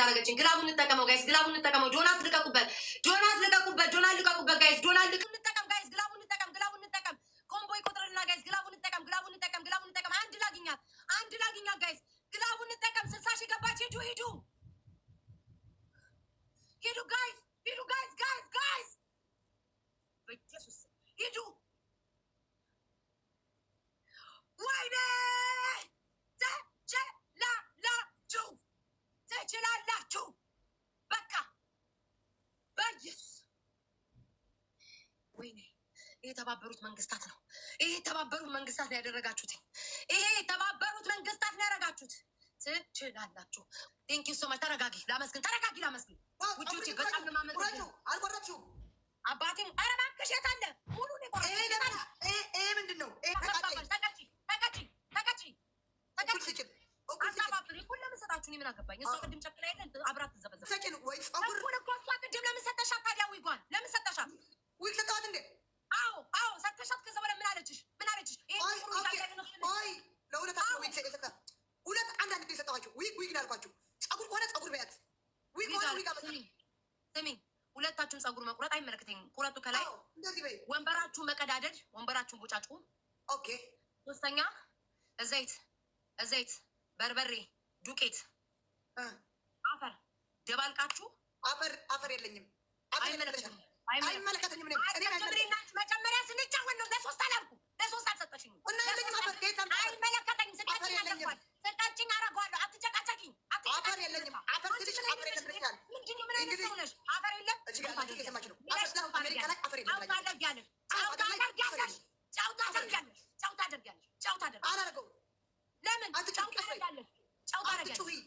እንዳረገችን ግላቡን እንጠቀመው ጋይስ፣ ግላቡን እንጠቀመው። ጆናት ልቀቁበት፣ ጆናት ልቀቁበት፣ ጆናት ልቀቁበት ጋይስ፣ ጆናት ልቀቁበት። እንጠቀም ጋይስ፣ ግላቡን እንጠቀም፣ ግላቡን እንጠቀም። ኮምቦ ይቆጥርልና ጋይስ፣ ግላቡን እንጠቀም፣ ግላቡን እንጠቀም፣ ግላቡን እንጠቀም። አንድ ላግኛ፣ አንድ ላግኛ ጋይስ፣ ግላቡን እንጠቀም። ስልሳ ሺህ ገባች። ሂዱ፣ ሂዱ፣ ሂዱ ጋይስ፣ ሂዱ ጋይስ፣ ጋይስ፣ ጋይስ፣ በኢየሱስ ሂዱ። ወይኔ ትችላላችሁ። በቃ በኢየሱስ ወይኔ የተባበሩት መንግስታት ነው። ይሄ የተባበሩት መንግስታት ነው ያደረጋችሁት። ይሄ የተባበሩት መንግስታት ነው ያደረጋችሁት። ትችላላችሁ። ቴንክ ዩ ሶ ማች። ተረጋጊ ላመስግን፣ ተረጋጊ ላመስግን። ውጭ በጣም ለማመስግን አልቆረችሁም። አባቴም ኧረ እባክሽ የት አለ ሙሉ ይሄ ምንድን ነው? እኔ ምን አገባኝ? እሷ ቅድም ጨክ ጨክላ የለ አብራ ትዘበዘብ ወይ ጸጉር እኮ እሷ ቅድም ለምን ሰጠሻት ታዲያ? ዊጓን ለምን ሰጠሻት? ዊግ ሰጠዋት እንዴ? አዎ አዎ ሰጠሻት። ከዛ በኋላ ምን አለችሽ? ምን አለችሽ? ሁለት አንዳንድ ጊዜ ሰጠኋቸው። ዊግ ዊግ ላልኳቸው ጸጉር ከሆነ ጸጉር በያት ዊግ ሆነ ዊግ ስሚ ሁለታችሁም ጸጉር መቁረጥ አይመለከተኝም። ቁረጡ ከላይ እንደዚህ በይ። ወንበራችሁ መቀዳደድ፣ ወንበራችሁን ቦጫጩ። ኦኬ ሶስተኛ፣ ዘይት ዘይት፣ በርበሬ፣ ዱቄት አፈር ደባልቃችሁ አፈር አፈር የለኝም። አይመለከተኝም። መጀመሪያ ስንጫወት ነው። ለሶስት ለሶስት አልሰጠሽኝም። አይመለከተኝም። ስጠጭኝ አደርገዋለሁ። አትጨቃጨቂኝ። አፈር የለኝም። አፈር ስልሽ አፈር የለም ነው? አፈር የለም ለምን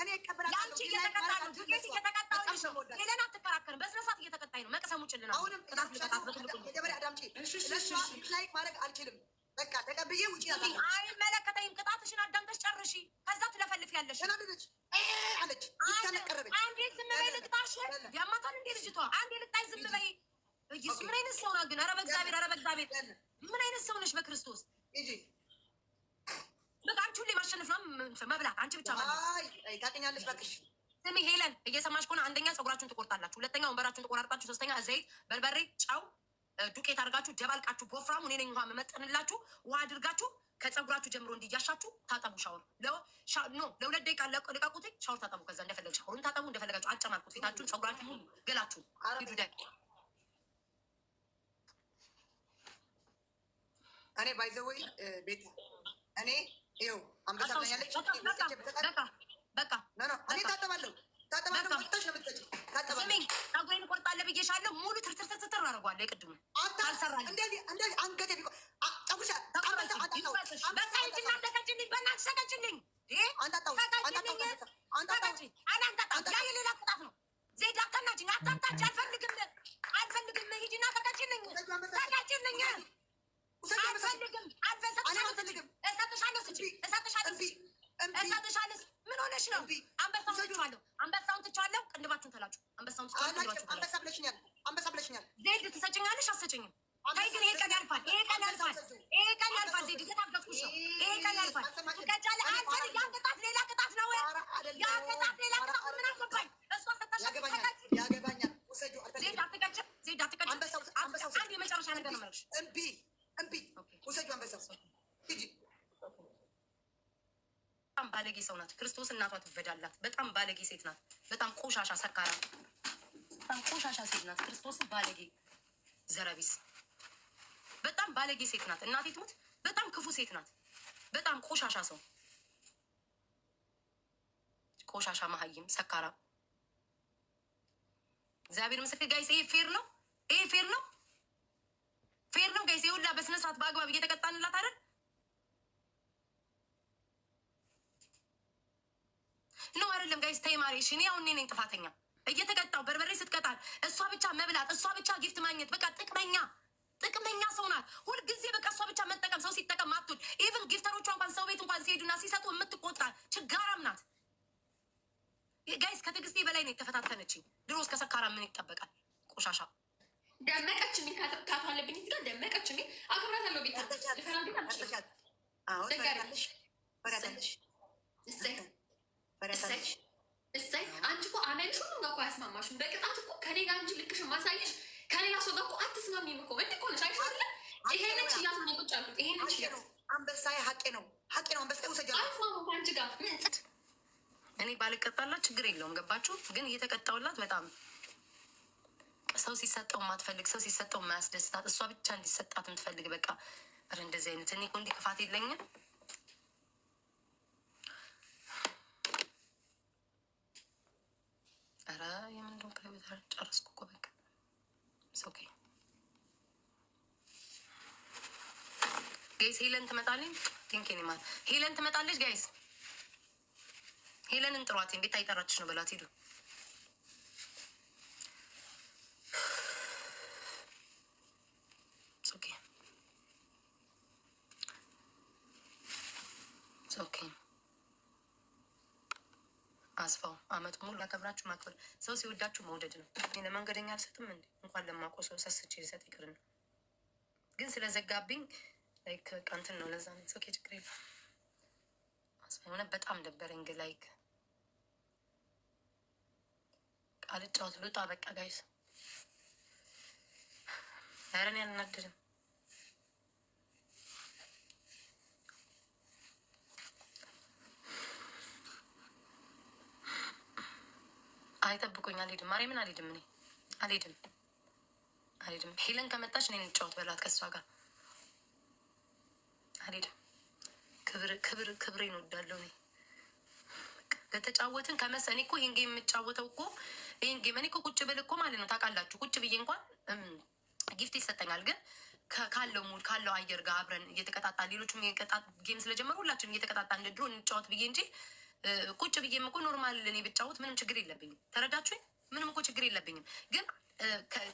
እኔ እቀበላለሁ። ሄለን አትከራከርም። አይመለከተኝም። ቅጣትሽን አዳምጠሽ ጨርሺ። ከዛ ትለፈልፍ ያለሽ አንዴ ዝም በይ ልቅጣሽ። ያማታል እንዴ ልጅቷ? አንዴ ልቅጣሽ ዝም በይ። ሰው ነው ምን አይነት ሰው ነሽ? በክርስቶስ መብላት አንቺ ብቻ ታገኛለች። በቃሽ ስሚ ሄለን፣ እየሰማሽ ከሆነ አንደኛ ፀጉራችሁን ትቆርጣላችሁ፣ ሁለተኛ ወንበራችሁን ትቆራርጣችሁ፣ ሶስተኛ ዘይት፣ በርበሬ፣ ጨው፣ ዱቄት አድርጋችሁ ደባልቃችሁ ቦፍራሙ እኔ ነኝ ውሃ መመጠንላችሁ ውሃ አድርጋችሁ ከፀጉራችሁ ጀምሮ እንዲያሻችሁ ታጠቡ። ሻወር ኖ ለሁለት ደቂቃ ልቃቁት፣ ሻወር ታጠቡ። ከዛ እንደፈለግ ሻወሩን ታጠቡ፣ እንደፈለጋችሁ አጨማልቁት፣ ፊታችሁን፣ ፀጉራችሁን፣ ገላችሁን እኔ ባይዘወይ ቤት እኔ ይኸው አንበሳ ብላኛለች። በቃ እኔ ታጠባለሁ ሙሉ ትርትር ትርትር በጣም ባለጌ ሰው ናት። ክርስቶስ እናቷ ትበዳላት። በጣም ባለጌ ሴት ናት። በጣም ቆሻሻ ሰካራ፣ በጣም ቆሻሻ ሴት ናት። ክርስቶስ ባለጌ ዘረቢስ፣ በጣም ባለጌ ሴት ናት። እናቴ ትሙት፣ በጣም ክፉ ሴት ናት። በጣም ቆሻሻ ሰው፣ ቆሻሻ መሀይም፣ ሰካራ። እግዚአብሔር ምስክር ጋይስ፣ ይሄ ፌር ነው። ይሄ ፌር ነው። ፌር ነው ጋይስ። ይሁላ በስነስርዓት በአግባብ እየተቀጣንላት አይደል? ኖ አይደለም ጋይስ ተይ እሺ። እኔ አሁን ነኝ ጥፋተኛ እየተቀጣው በርበሬ ስትቀጣል እሷ ብቻ መብላት፣ እሷ ብቻ ጊፍት ማግኘት፣ በቃ ጥቅመኛ ጥቅመኛ ሰው ናት። ሁልጊዜ በቃ እሷ ብቻ መጠቀም፣ ሰው ሲጠቀም ማቱል ኢቭን ጊፍተሮቿ እንኳን ሰው ቤት እንኳን ሲሄዱና ሲሰጡ የምትቆጥራል ችጋራም ናት ጋይስ። ከትግስቴ በላይ ነው የተፈታተነችኝ። ድሮ እስከ ሰካራ ምን ይጠበቃል? ቆሻሻ ደመቀች ሚ አለብኝ ደመቀች ሚ አክብራት አለው ቤታ እሰይ አንቺ እኮ አመልሽ ሁሉም ጋር እኮ አያስማማሽም። በቅጣት እኮ ከኔ ጋር አንቺ ልክሽን ማሳየሽ ከሌላ ሰው ጋር እኮ አትስማሚም እኮ እንዲ እኮ ነሽ። አይሻለ ይሄንን ችላት ነው ቁጭ አሉት። ይሄንን ችላት አንበሳዬ ሀቄ ነው ሀቄ ነው አንበሳዬ ውሰጃ አይስማሙ ከአንቺ ጋር እኔ ባልቀጣላት ችግር የለውም። ገባችሁ? ግን እየተቀጣውላት በጣም ሰው ሲሰጠው ማትፈልግ ሰው ሲሰጠው ማያስደስታት እሷ ብቻ እንዲሰጣት የምትፈልግ በቃ እንደዚህ አይነት እኔ እኮ እንዲህ ክፋት የለኝም የምን እንደሆነ ፕራይቬት ጨረስኩ እኮ በቃ ኦኬ። ጋይስ ሄለን ትመጣለች። ቲንኪን ማ ሄለን ትመጣለች። ጋይስ ሄለንን ጥሯት። ቤት አይጠራችሽ ነው በላት ሄዱ ኦኬ ኦኬ አስፋው አመት ሙሉ ላከብራችሁ ማክበር ሰው ሲወዳችሁ መውደድ ነው። እኔ ለመንገደኛ አልሰጥም እንዴ እንኳን ለማቆ ሰው ሰስቼ ይሰጥ ይቅር ነው። ግን ስለዘጋብኝ ላይክ ቀንትን ነው ለዛ ነው ኦኬ፣ ችግር የለ አስፋ የሆነ በጣም ደበረኝ። ላይክ ቃልጫወት ልውጣ በቃ ጋይስ። ኧረ እኔ አልናደድም። አይጠብቁኝ። አልሄድም፣ ማርያምን አልሄድም፣ እኔ አልሄድም፣ አልሄድም። ሄለን ከመጣች እኔ እንጫወት በላት ከእሷ ጋር አልሄድም። ክብር ክብር ክብሬን እወዳለሁ እኔ ከተጫወትን ከመሰኔ እኮ ይህን ጌም የምጫወተው እኮ ይህን ጌም እኔ እኮ ቁጭ ብል እኮ ማለት ነው ታውቃላችሁ፣ ቁጭ ብዬ እንኳን ጊፍት ይሰጠኛል። ግን ካለው ሙድ ካለው አየር ጋር አብረን እየተቀጣጣ ሌሎችም ጌም ስለጀመሩ ሁላችን እየተቀጣጣ እንደ ድሮ እንጫወት ብዬ እንጂ ቁጭ ብዬም እኮ ኖርማል እኔ ብጫወት ምንም ችግር የለብኝም። ተረዳችሁኝ? ምንም እኮ ችግር የለብኝም። ግን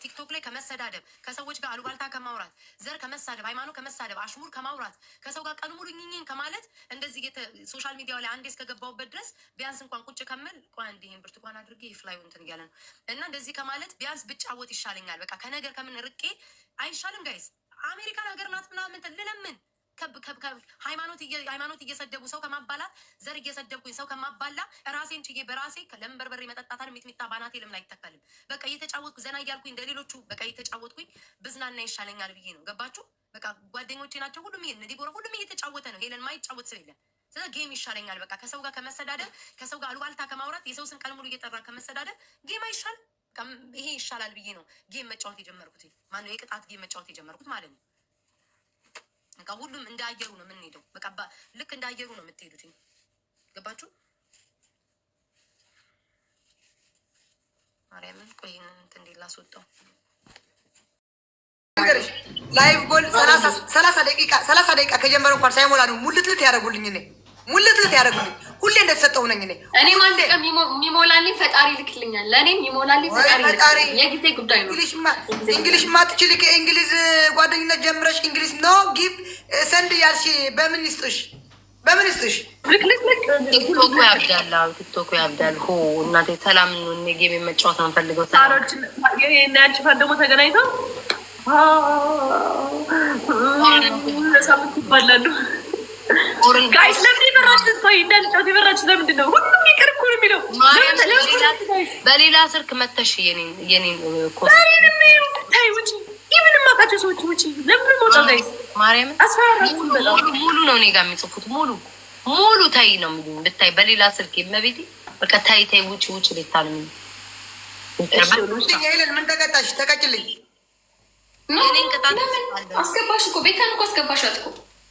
ቲክቶክ ላይ ከመሰዳደብ፣ ከሰዎች ጋር አሉባልታ ከማውራት፣ ዘር ከመሳደብ፣ ሃይማኖት ከመሳደብ፣ አሽሙር ከማውራት፣ ከሰው ጋር ቀኑ ሙሉ ኝኝኝ ከማለት እንደዚህ ሶሻል ሚዲያ ላይ አንዴ እስከገባሁበት ድረስ ቢያንስ እንኳን ቁጭ ከምል ቋ እንዲህን ብርትኳን አድርጌ ፍላዩ እንትን እያለ ነው እና እንደዚህ ከማለት ቢያንስ ብጫወት ይሻለኛል። በቃ ከነገር ከምን ርቄ አይሻልም? ጋይስ አሜሪካን ሀገር ናት ምናምን ልለምን ሃይማኖት እየሰደቡ ሰው ከማባላት ዘር እየሰደብኩኝ ሰው ከማባላ ራሴን ችዬ በራሴ ለምበርበሬ መጠጣታን ሚጥሚጣ ባናቴ ለምን አይተከልም? በቃ እየተጫወትኩ ዘና እያልኩኝ እንደ በቃ እየተጫወትኩኝ ብዝናና ይሻለኛል ብዬ ነው። ገባችሁ? በቃ ጓደኞቼ ናቸው ሁሉም ይሄን ዲቦራ ሁሉም እየተጫወተ ነው። ሄለን ማይጫወት ሰው የለም። ስለ ጌም ይሻለኛል። በቃ ከሰው ጋር ከመሰዳደር ከሰው ጋር አሉባልታ ከማውራት የሰው ስም ቀን ሙሉ እየጠራ ከመሰዳደር ጌም አይሻል ይሄ ይሻላል ብዬ ነው ጌም መጫወት የጀመርኩት። ማነው የቅጣት ጌም መጫወት የጀመርኩት ማለት ነው። በቃ ሁሉም እንደ አየሩ ነው የምንሄደው። በቃ ልክ እንደ አየሩ ነው የምትሄዱት። ገባችሁ? ማርያምን ቆይን እንትን ላስወጣው ላይቭ ጎል ሰላሳ ደቂቃ ሰላሳ ደቂቃ ከጀመረ እንኳን ሳይሞላ ነው ሙልትልት ያደረጉልኝ እኔ ሙልትልት ያደረጉልኝ ሁሌ እንደተሰጠው ነኝ። እኔ እኔ ማለት ቀን የሚሞላልኝ ፈጣሪ ልክልኛል። ለእኔም የሚሞላልኝ ፈጣሪ የጊዜ ጉዳይ ነው። እንግሊሽ ማትችል ከእንግሊዝ ጓደኝነት ጀምረሽ እንግሊዝ ኖ ጊቭ ሰንድ ያልሽ በምን ይስጥሽ? በምን ይስጥሽ? ቲክቶኩ ያብዳል፣ ቲክቶኩ ያብዳል። ሆ እናቴ ሰላም ጌም መጫወት ነው የምፈልገው። ሳሮች ናያንቺ ፋን ደግሞ ተገናኝተው ሳምንት ይባላሉ ጋይስ ለምን የፈራችሁት? ቆይ እንዳልጫወት የፈራችሁት ለምንድን ነው? ሁሉም ይቅር እኮ ነው የሚለው። በሌላ ስልክ መተሽ የኔን ኮሪንም ታይ ሰዎች ውጭ ለምን ሞጣ ጋይስ ማርያምን ሙሉ ነው እኔ ጋር የሚጽፉት ሙሉ ሙሉ ታይ ነው የሚሉኝ። ብታይ በሌላ ስልክ የመቤቴ በቃ ታይ ታይ ውጭ ውጭ ቤታ ነው የሚሉኝ። ምን ተቀጣሽ? ተቀጭልኝ። አስገባሽ እኮ ቤታን እኮ አስገባሽ አትኮ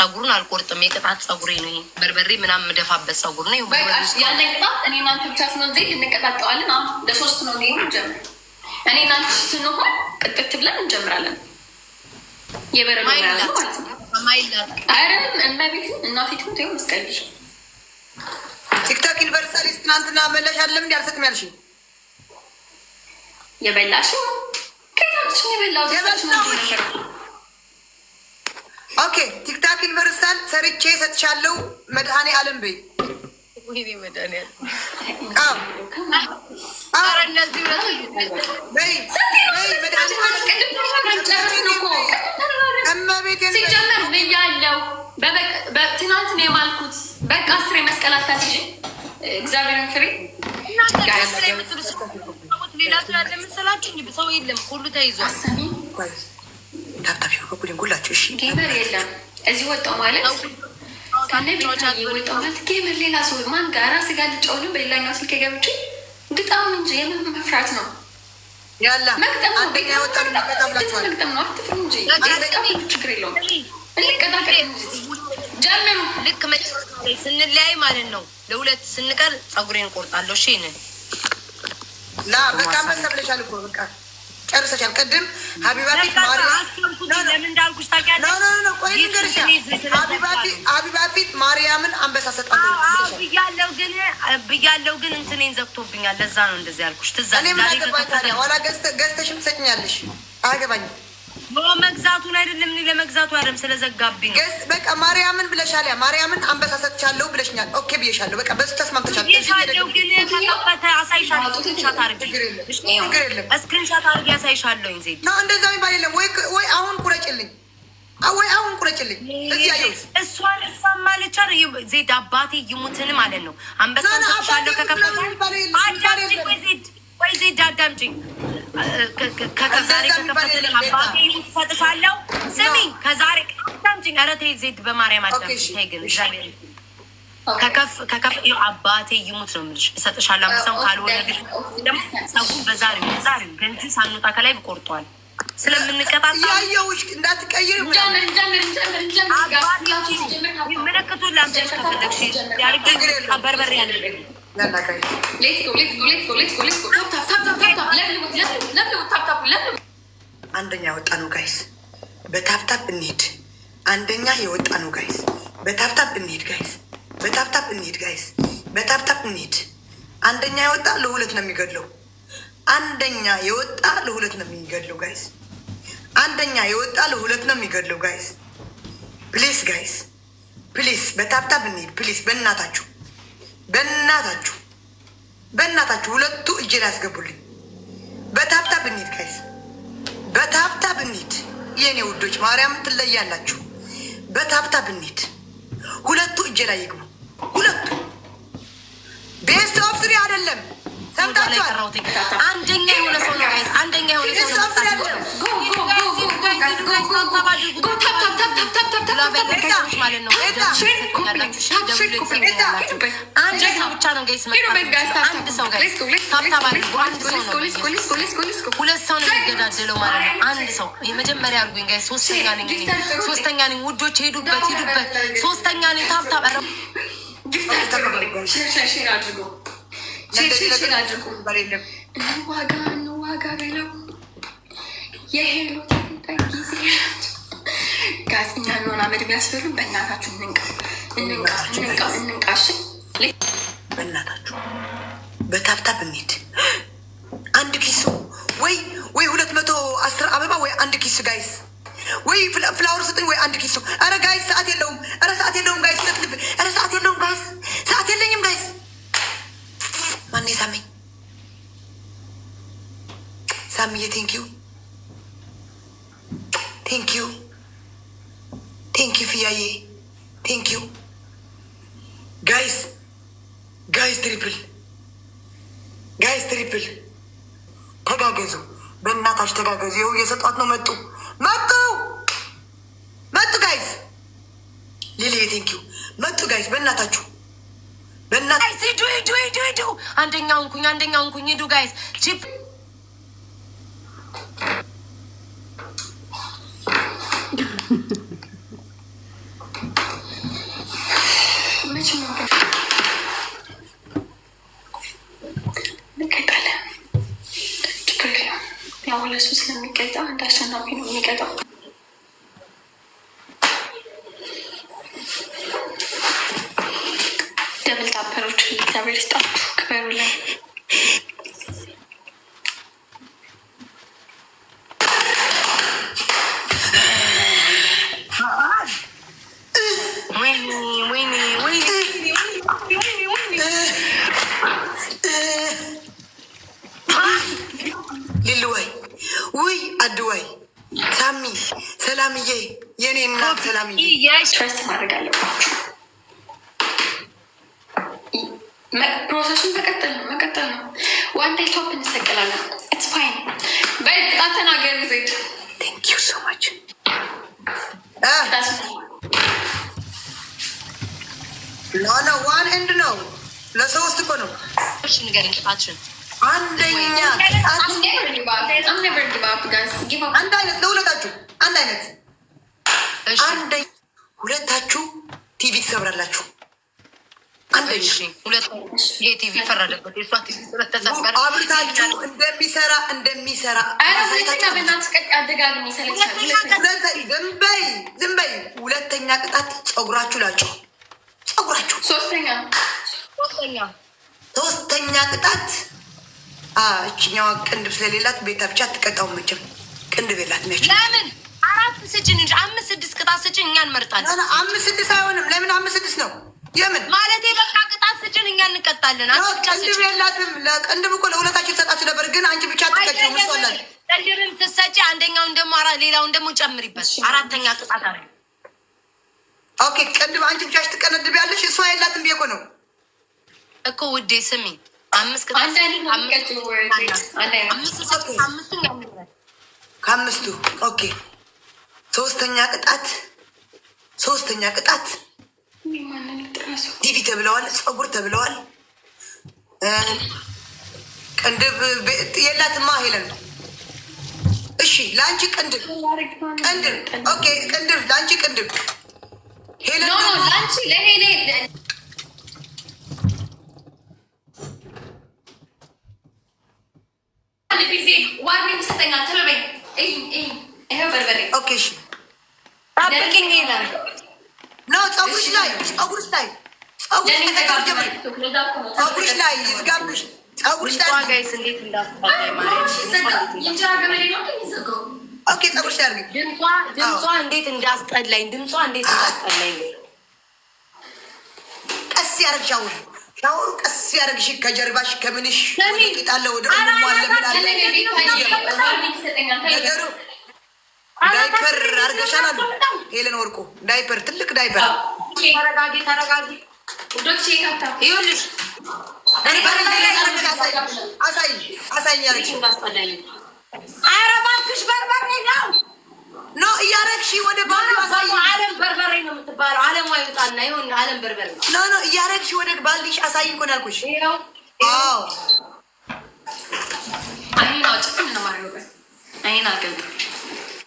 ጸጉሩን አልቆርጥም። የቅጣት ጸጉሬ ነው። በርበሬ ምናምን የምደፋበት ጸጉር ነው። ያለ ቅጣት እኔ እናንተ ብቻ ስኖን ዜ እንቀጣጠዋለን። አሁን ለሶስት ነው ጌ ጀምር። እኔ እናንተ ስንሆን ቅጥት ብለን እንጀምራለን። የበረዶ ያለ ማለት ነው። ቴ ስቀልሽ ቲክቶክ ዩኒቨርሳሊስት ትናንትና መለሽ አለም እንዲ አልሰጥም ያልሽ የበላሽ ከታችን የበላው ኦኬ ቲክታክ ዩኒቨርሳል ሰርቼ ሰጥቻለሁ። መድኃኔ ዓለም በይ ሲጀመር ብያለው። በትናንት ነው የማልኩት። በቃ አስሬ መስቀል አታስጭ እግዚአብሔርን ፍሬ ሌላ ስላለ መሰላችሁ ሰው የለም ሁሉ ተይዟል። ታብታብ ሲሆን በኩል እሺ ጌመር የለም እዚህ ወጣው ማለት ወጣው ማለት ጌመር ሌላ ሰው ማን ጋር ስጋ ልጫውንም በሌላኛው ስልክ ገብቼ ግጣም እንጂ የምን መፍራት ነው? ያላ መግጠም ነው። አትፍሩ እንጂ ችግር የለውም። ጀምሩ። ልክ ስንለያይ ማለት ነው ለሁለት ስንቀር ፀጉሬን ቆርጣለሁ። እሺ ይንን ላ መሰብለሻል እኮ በቃ ጨርሰሻል። ቅድም ሀቢባ ቤት ሀቢባ ቤት ማርያምን አንበሳ ሰጣት ብያለሁ፣ ግን ብያለሁ፣ ግን እንትኔን ዘግቶብኛል። ለዛ ነው እንደዚህ ያልኩሽ። ትዝ እኔ ምን አገባኝ ታዲያ? ኋላ ገዝተሽም ትሰጭኛለሽ። አያገባኝም መግዛቱን አይደለም እኔ ለመግዛቱ አይደለም ስለዘጋብኝ በቃ ማርያምን ብለሻል። ያ ማርያምን አንበሳ ሰጥቻለሁ ብለሽኛል። ኦኬ ብዬሻለሁ። በቃ በሱ ተስማምተሻል። ግን ተከፈተ አሁን ቁረጭልኝ ወይ አሁን ቁረጭልኝ። ዜድ አባቴ ይሙትን ማለት ነው። አንበሳ ሰጥቻለሁ ከከፈተ ወይ ዜድ አዳምጪኝ ከዛሬ ከከፈተልህ አባቴ ይፈጥፋለሁ። ስሚኝ ከዛሬ ቀምጭኝ። ኧረ ዜድ በማርያም አዳምጪ። ግን ከከፍ አባቴ ይሙት ነው የምልሽ። እሰጥሻለሁ አምሳም ካልሆነ ግን ሰው በዛሬው በዛሬው ገንዘብ ሳንወጣ ከላይ ቆርጧል። ስለምንቀጣጣ ምልክቱን ላምጠሽ ከፈለግሽ በርበሬ ያለ አንደኛ የወጣ ነው ጋይስ፣ በታፕታፕ እንሂድ። አንደኛ የወጣ ነው ጋይስ፣ በታፕታፕ እንሂድ ጋይስ፣ በታፕታፕ እንሂድ ጋይስ፣ በታፕታፕ እንሂድ። አንደኛ የወጣ ለሁለት ነው የሚገድለው። አንደኛ የወጣ ለሁለት ነው የሚገድለው ጋይስ። አንደኛ የወጣ ለሁለት ነው የሚገድለው ጋይስ። ፕሊስ ጋይስ፣ ፕሊስ፣ በታፕታፕ ፕሊስ፣ በእናታችሁ በእናታችሁ በእናታችሁ ሁለቱ እጄ ላይ ያስገቡልኝ። በታብታ ብንሄድ ከይስ በታብታ ብንሄድ የእኔ ውዶች ማርያምን ትለያላችሁ። በታብታ ብንሄድ ሁለቱ እጄ ላይ ይግቡ። ሁለቱ ቤስት ኦፍ ስሪ አይደለም። ሰምታችኋል። አንደኛ የሆነ ሰው ነው። አንደኛ የሆነ ሰው ነው። ሁለት የሚገዳደለው ሰው የሄሉት ጊዜ ጋዜጠኛ እንሆን አመድ የሚያስፈሉ በእናታችሁ እንንቃ እንንቃ እንንቃሽ በእናታችሁ በታብታብ እንሂድ። አንድ ኪሱ ወይ ወይ ሁለት መቶ አስር አበባ ወይ አንድ ኪስ ጋይስ ወይ ፍላወር ስጥኝ ወይ አንድ ኪሱ ኧረ ጋይስ ሰዓት የለውም። ኧረ ሰዓት የለውም ጋይስ። ኧረ ሰዓት የለውም ጋይስ። ሰዓት የለኝም ጋይስ። ማነው ሳመኝ? ሳምዬ ቴንኪው ቴንኪዩ ቴንኪዩ ፍያዬ ቴንኪዩ ጋይስ ጋይስ ትሪፕል ጋይስ ትሪፕል ተጋገዙ። በእናታች ተጋገዙ። ይኸው እየሰጧት ነው። መጡ መጡ መጡ ጋይስ ሊሊ ቴንኪዩ መጡ ጋይስ በእናታችሁ በእናታችሁ ሂዱ ሂዱ ሂዱ ሂዱ። አንደኛውን ኩኝ አንደኛውን ኩኝ ሂዱ ጋይስ ትረስት ማድረግ አለባችሁ። ፕሮሰሱን መቀጠል ነው መቀጠል ነው። ዋን ዴይ ቶፕ እንሰቀላለን። ኢትስ ፋይን። በጣም ተናገር ጊዜ ቴንክ ዩ ሶ ማች ኖ ዋን ኤንድ ነው ለሶስት እኮ ነው። አንደኛ አንድ አይነት ለሁለታችሁ አንድ አይነት አንደኛ ሁለታችሁ ቲቪ ትሰብራላችሁ። አንደኛ እንደሚሰራ እንደሚሰራ ሁለተኛ ቅጣት ፀጉራችሁ ላጨው፣ ፀጉራችሁ። ሶስተኛ ቅጣት እችኛዋ ቅንድብ ስለሌላት ቤታ ብቻ ትቀጣው። መቼም ቅንድብ የላት መቼም ለምን አራት ስጭን እንጂ አምስት ስድስት ቅጣት ስጭን፣ እኛ እንመርጣለን። አምስት ስድስት አይሆንም። ለምን አምስት ስድስት ነው? የምን ማለት በቃ ቅጣት ስጭን፣ እኛ እንቀጣለን። ቅንድብ የላትም። ቅንድብ እኮ ለሁለታችን ተሰጣችሁ ነበር፣ ግን አንቺ ብቻ አትቀጭም። ስትሰጪ አንደኛውን ደግሞ ሌላውን ደግሞ ጨምሪበት፣ አራተኛ ቅጣት አለ። ኦኬ ቅንድብ አንቺ ብቻ ትቀነድብ ያለሽ እሷ የላትም ብዬሽ እኮ ነው እኮ ውዴ፣ ስሚ አምስት ቅጣት ከአምስቱ ኦኬ ሶስተኛ ቅጣት ሶስተኛ ቅጣት ቲቪ ተብለዋል፣ ፀጉር ተብለዋል። ቅንድብ የላትማ ሄለን ነው። እሺ ለአንቺ ቅንድብ ቅንድብ ኦኬ፣ ቅንድብ ለአንቺ ቅንድብ ሄለን ጊዜ ዋርኒንግ ሰጠኛ ተለበኝ። ይሄ በርበሬ ኦኬ እሺ ጠብቂኝ ይላል ነው ፀጉርሽ ላይ ፀጉርሽ ላይ ፀጉርሽ ላይ ይዝጋብሽ። ፀጉርሽ ላይ ኦኬ፣ ፀጉርሽ ላይ ድምጿ እንዴት እንዳስጠላኝ ድምጿ እንዴት እንዳስጠላኝ። ቀስ ያደርግ ሻወሩ ቀስ ያደርግሽ ከጀርባሽ ከምንሽ ጣለ ወደ ነገሩ ዳይፐር አድርገሻል ሄለን ወርቁ። ዳይፐር ትልቅ ዳይፐር። ተረጋጊ ተረጋጊ። አሳይ በርበሬ ነው ኖ እያረግሽ ወደ ባሉ አሳይ። አለም በርበሬ ነው የምትባለው። አለም ዋይውጣና ይሁን አለም በርበሬ ኖ ኖ ወደ ባልዲሽ ነው ያልኩሽ። ነው ማድረግ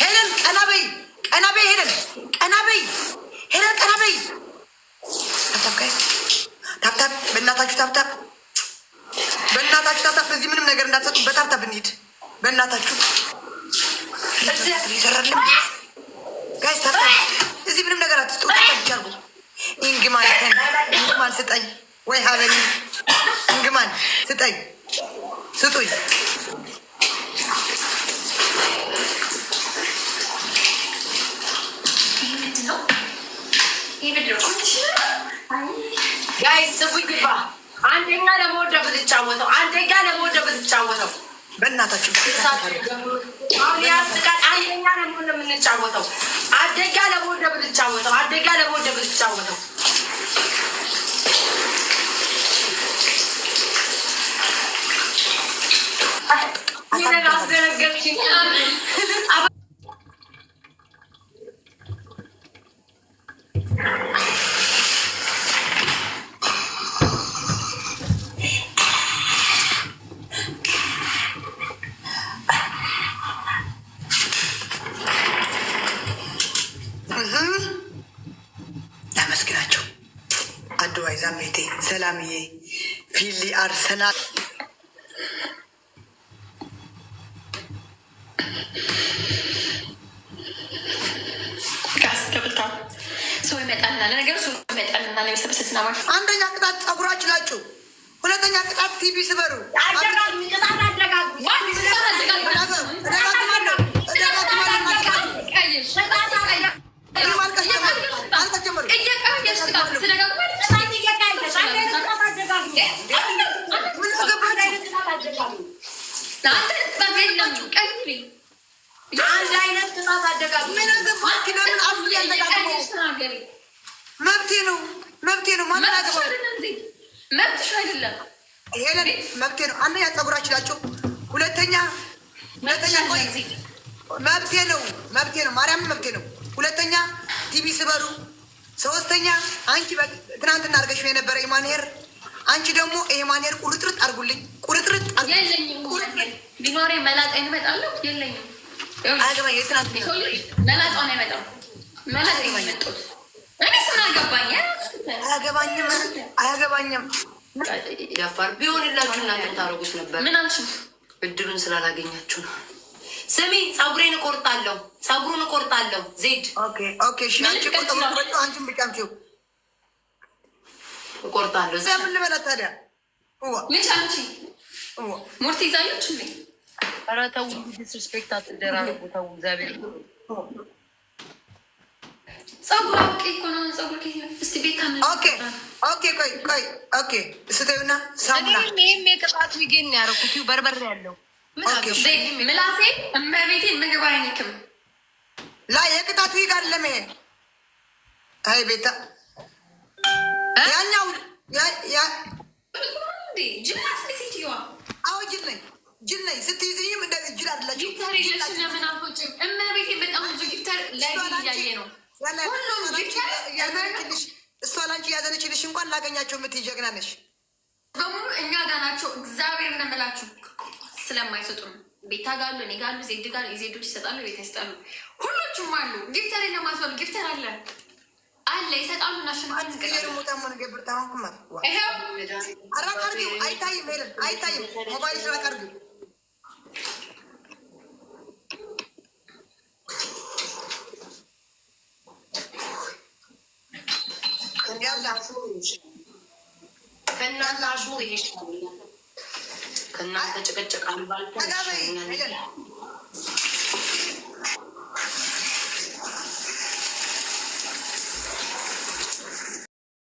ሄለን ቀና በይ፣ ቀና በይ፣ ሄለን ቀና በይ፣ ሄለን ቀና በይ። ታብታብ በእናታችሁ ታብታብ፣ በእናታችሁ ታብታብ። በዚህ ምንም ነገር እንዳትሰጡ፣ በታብታብ እንሂድ በእናታችሁ ይሰራል ጋይስ ታብታብ። እዚህ ምንም ነገር አትስጡ፣ ታብታብ ይቻልጉ። ኢንግማን ኢንግማን ስጠኝ ወይ ሀበኒ ኢንግማን ስጠኝ፣ ስጡኝ ጋይስ አንደኛ ለመወደ ብትጫወተው አንደኛ ለመወደ ብትጫወተው በእናታችሁ ያስቃል። አንደኛ ለመሆን የምንጫወተው አደጋ ለመወደ ብትጫወተው አደጋ ለመወደ ብትጫወተው አስደነገጥሽኝ። ያመስግናቸው። አድዋይ ዛሜቴ ሰላምዬ ፊሊ አርሰናል ይመጣልናል፣ ነገሩ እሱ ይመጣልናል። ሰብስስና ማለት አንደኛ ቅጣት ጸጉራ ችላችሁ፣ ሁለተኛ ቅጣት ቲቪ ስበሩ። አንድ አይነት ቅጣት አደጋግ ምን ገባ ለምን አሱ ያለጋ መብቴ ነው መብቴ ነው። ማንን መብትሽ አይደለም ሄለን፣ መብቴ ነው። አንደኛ ፀጉር አችላቸው፣ ሁለተኛ ሁለተኛ ቆይ መብቴ ነው መብቴ ነው። ማርያም መብቴ ነው። ሁለተኛ ቲቪ ስበሩ፣ ሶስተኛ አንቺ ትናንትና አድርገሽ የነበረ ኢማንሄር፣ አንቺ ደግሞ ኢማንሄር ቁርጥርጥ አድርጉልኝ፣ ቁርጥርጥ ቢኖሬ መላጣ ይመጣለሁ የለኝም። አገባ የትናንት መላጣ ነው የመጣው መላጣ ነው የመጡት አያገባኝም። ደፋር ቢሆንላችሁ እናንተ ታረጉት ነበር። ምን አልሽኝ? እድሉን ስላላገኛችሁ ነው። ስሚ፣ ፀጉሬን እቆርጣለሁ፣ ፀጉሩን እቆርጣለሁ። ዜድ አንቺን ብጫምች እቆርጣለሁ። ምን ልበላት ታዲያ? ምጫምች ሙርት ይዛለች። ኧረ ተው ዲስሪስፔክት አትደራረጉ። ተው እግዚአብሔር ሳሙና ይህም የቅጣት ዊግ አለሜ አይ ቤታ ያኛው ጅል ነኝ ስትይዝኝም እንደዚህ ጅል አድላችሁ ጊፍተር ለምን አልኮጭም እመቤቴ በጣም ብዙ ጊፍተር ላይ ነው እሷ ላንቺ ያዘነችልሽ እንኳን ላገኛቸው የምትይ ጀግና ነሽ። በሙሉ እኛ ጋር ናቸው። እግዚአብሔር እነምላችሁ ስለማይሰጡ ቤታ ጋሉ፣ እኔ ጋሉ፣ ዜድ ጋር ዜዶች ይሰጣሉ፣ ቤታ ይሰጣሉ፣ ሁሎችም አሉ። ጊፍተር ለማስበሉ ጊፍተር አለ አለ ይሰጣሉ። ከእናንተ አሽሙር ጭቅጭቅ አልባልታ